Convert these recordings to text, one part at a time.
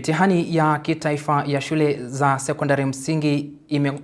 Mitihani ya kitaifa ya shule za sekondari msingi ime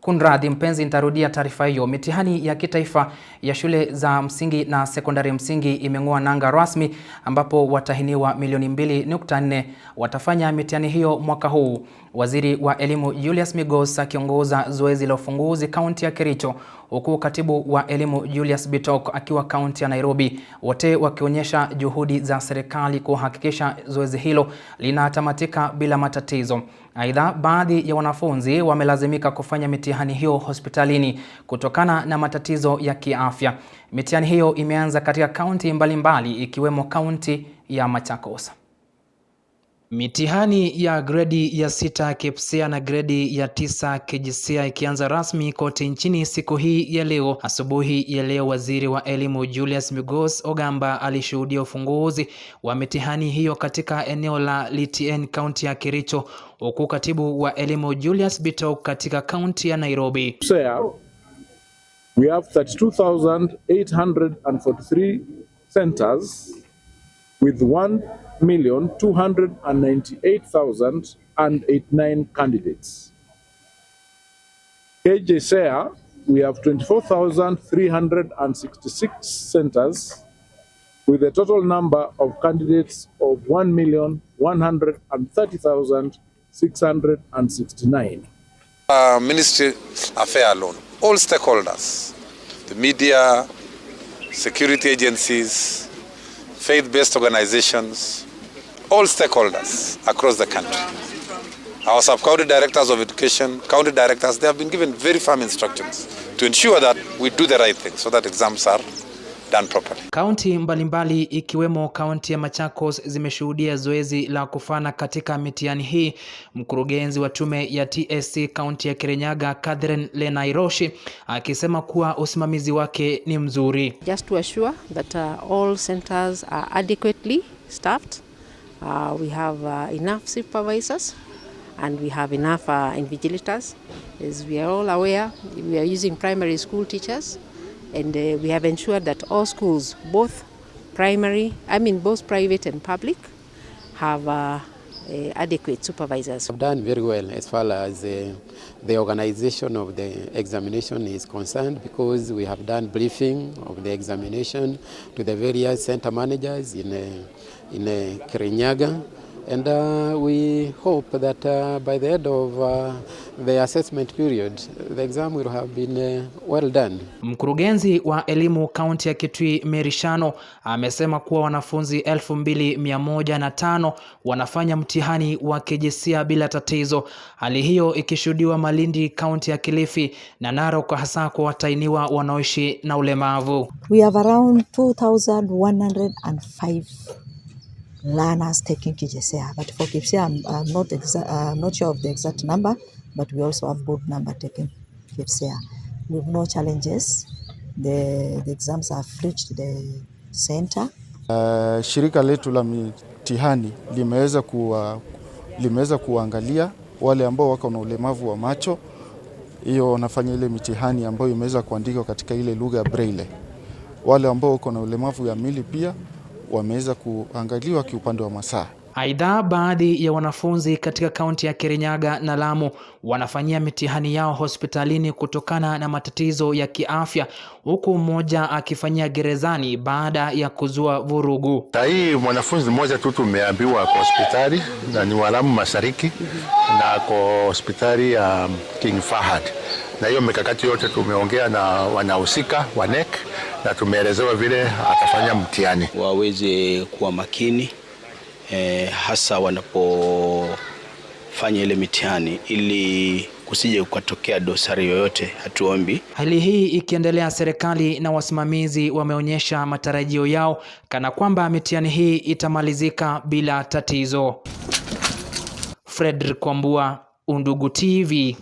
kunradhi mpenzi, nitarudia taarifa hiyo. Mitihani ya kitaifa ya shule za msingi na sekondari msingi imeng'oa nanga rasmi, ambapo watahiniwa milioni 2.4 watafanya mitihani hiyo mwaka huu. Waziri wa Elimu Julius Migos akiongoza zoezi la ufunguzi kaunti ya Kericho huku katibu wa elimu Julius Bitok akiwa kaunti ya Nairobi, wote wakionyesha juhudi za serikali kuhakikisha zoezi hilo linatamatika bila matatizo. Aidha, baadhi ya wanafunzi wamelazimika kufanya mitihani hiyo hospitalini kutokana na matatizo ya kiafya. Mitihani hiyo imeanza katika kaunti mbalimbali ikiwemo kaunti ya Machakos. Mitihani ya gredi ya sita KPSEA na gredi ya tisa KJSEA ikianza rasmi kote nchini siku hii ya leo. Asubuhi ya leo, waziri wa elimu Julius Migos Ogamba alishuhudia ufunguzi wa mitihani hiyo katika eneo la Litian, kaunti ya Kericho, huku katibu wa elimu Julius Bitok katika kaunti ya Nairobi. KPSEA, we have 32,843 centers with one million two hundred and ninety-eight thousand and eighty-nine candidates. KJSEA, we have 24,366 centers with a total number of candidates of 1,130,669. Uh, Ministry affair alone, all stakeholders, the media, security agencies, faith-based organizations, all stakeholders across the country. Our sub-county directors of education, county directors, they have been given very firm instructions to ensure that we do the right thing so that exams are done properly. Kaunti mbalimbali ikiwemo kaunti ya Machakos zimeshuhudia zoezi la kufana katika mitihani hii. Mkurugenzi wa tume ya TSC kaunti ya Kirinyaga, Catherine Lenairoshi, akisema kuwa usimamizi wake ni mzuri. Just to assure that uh, all centers are adequately staffed. Uh, we have uh, enough supervisors and we have enough uh, invigilators. As we are all aware, we are using primary school teachers and uh, we have ensured that all schools, both primary, I mean both private and public, have uh, uh, adequate supervisors. I've done very well as far as uh, the organization of the examination is concerned because we have done briefing of the examination to the various center managers in, uh, in uh, Kirinyaga and uh, we hope that uh, by the end of uh, the assessment period, the exam will have been uh, well done. Mkurugenzi wa elimu kaunti ya Kitui Mary Shano amesema kuwa wanafunzi 2105 wanafanya mtihani wa kijisia bila tatizo, hali hiyo ikishuhudiwa Malindi kaunti ya Kilifi na Narok, hasa kwa watainiwa wanaoishi na ulemavu. We have around 2105 learners taking KJSEA. But for KPSEA, I'm, I'm, not exa- I'm not sure of the exact number, but we also have good number taking We have no challenges, the, the exams have reached the center. Uh, shirika letu la mitihani limeweza kuwa, limeweza kuangalia wale ambao wako na ulemavu wa macho, hiyo wanafanya ile mitihani ambayo imeweza kuandikwa katika ile lugha ya braille. Wale ambao wako na ulemavu ya mili pia wameweza kuangaliwa kiupande wa masaa. Aidha, baadhi ya wanafunzi katika kaunti ya Kirinyaga na Lamu wanafanyia mitihani yao hospitalini kutokana na matatizo ya kiafya, huku mmoja akifanyia gerezani baada ya kuzua vurugu. Sahii mwanafunzi mmoja tu tumeambiwa kwa hospitali na ni wa Lamu Mashariki na kwa hospitali ya King Fahad, na hiyo mikakati yote tumeongea na wanahusika wa NEC na tumeelezewa vile atafanya mtihani, waweze kuwa makini eh, hasa wanapofanya ile mitihani ili kusije kukatokea dosari yoyote, hatuombi. Hali hii ikiendelea, serikali na wasimamizi wameonyesha matarajio yao kana kwamba mitihani hii itamalizika bila tatizo. Fredrick Kwambua, Undugu TV.